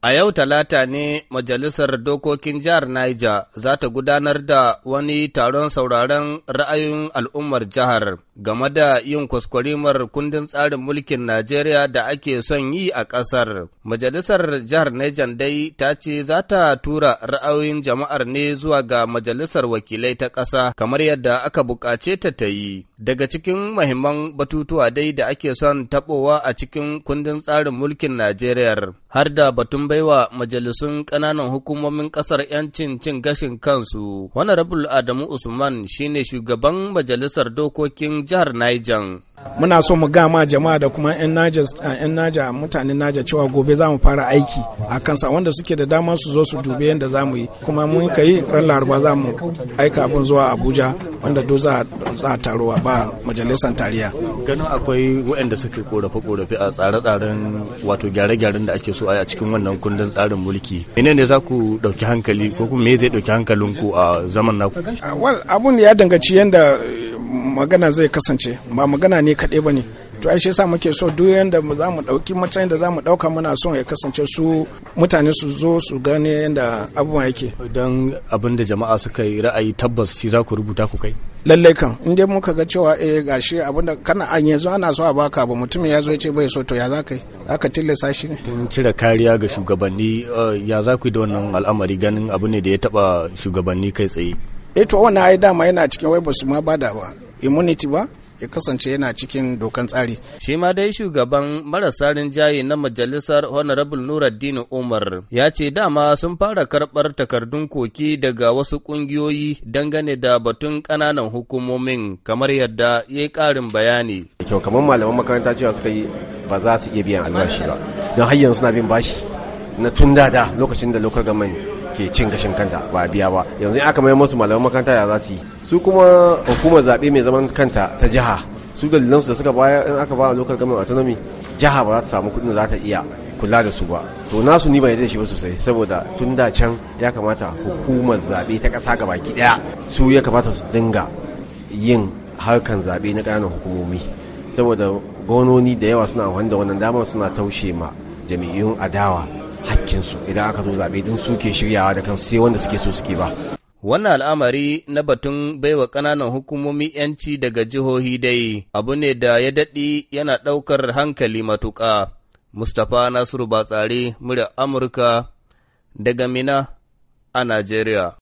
A yau Talata ne Majalisar Dokokin Jihar Niger za ta gudanar da wani taron sauraron ra'ayin al'ummar jihar. game da yin kwaskwarimar kundin tsarin mulkin Najeriya da ake son yi a ƙasar. Majalisar Jihar Nejan dai ta ce za ta tura ra'ayoyin jama'ar ne zuwa ga Majalisar Wakilai ta ƙasa kamar yadda aka buƙace ta ta yi. Daga cikin mahimman batutuwa dai da ake son taɓowa a cikin kundin tsarin mulkin Najeriya har da batun baiwa majalisun ƙananan hukumomin ƙasar 'yancin cin gashin kansu. Honorable Adamu Usman shine shugaban Majalisar Dokokin jihar Niger muna so mu gama jama'a da kuma 'yan naja mutanen naja cewa gobe za mu fara aiki a kansa wanda suke da dama su zo su dube yadda za mu yi kuma mun ka yi ran laraba za mu aika abin zuwa abuja wanda do za a taro ba majalisar tariya ganin akwai wa'anda suke korafe korafe a tsare-tsaren wato gyare-gyaren da ake so a cikin wannan kundin tsarin mulki menene za ku ɗauki hankali ko kuma me zai ɗauki hankalinku a zaman naku abun ya danganci yadda magana zai kasance ba magana ne ni kaɗai ba ne to ai shi yasa muke so duk yanda za mu ɗauki matsayin da za mu ɗauka muna son ya kasance su mutane su zo su gane yanda abubuwan yake don abin da jama'a suka yi ra'ayi tabbas shi za ku rubuta ku kai lallai kan in dai muka ga cewa eh gashi abin da kana an yanzu ana so a baka ba mutum ya zo ya ce bai so to ya za ka yi aka tilasta shi ne tun cire kariya ga shugabanni eh, ya za ku yi da wannan al'amari ganin abu ne da ya taba shugabanni kai tsaye eh to wannan ai dama yana cikin wai ba su ma bada ba immunity ba ya kasance yana cikin dokan tsari. Shi ma dai shugaban marasa rinjaye na majalisar Honorable Nuruddin Umar ya ce dama sun fara karɓar takardun koki daga wasu ƙungiyoyi dangane da batun ƙananan hukumomin kamar yadda ya yi ƙarin bayani. Kyau kamar malaman makaranta cewa suka yi ba za su iya biyan albashi ba don har yanzu suna bin bashi na tun da lokacin da lokar gamani. ke cin gashin kanta ba biya ba yanzu aka mai musu malaman makaranta ya za su yi su kuma hukumar zaɓe mai zaman kanta ta jiha su dalilansu da suka bayar in aka ba a lokal government autonomy jiha ba za ta samu kudin da za ta iya kula da su ba to nasu ni ba da shi ba sosai saboda tun da can ya kamata hukumar zaɓe ta ƙasa gaba ki ɗaya su ya kamata su dinga yin harkan zaɓe na ƙananan hukumomi saboda gononi da yawa suna wanda wannan damar suna taushe ma jami'un adawa su idan aka zo zaɓe din suke shiryawa da kansu sai wanda suke so suke ba. Wannan al'amari na batun baiwa ƙananan hukumomi ‘yanci daga jihohi dai abu ne da ya daɗi yana ɗaukar hankali matuƙa. Mustapha Nasiru Batsari, murya Amurka, daga Mina a Najeriya.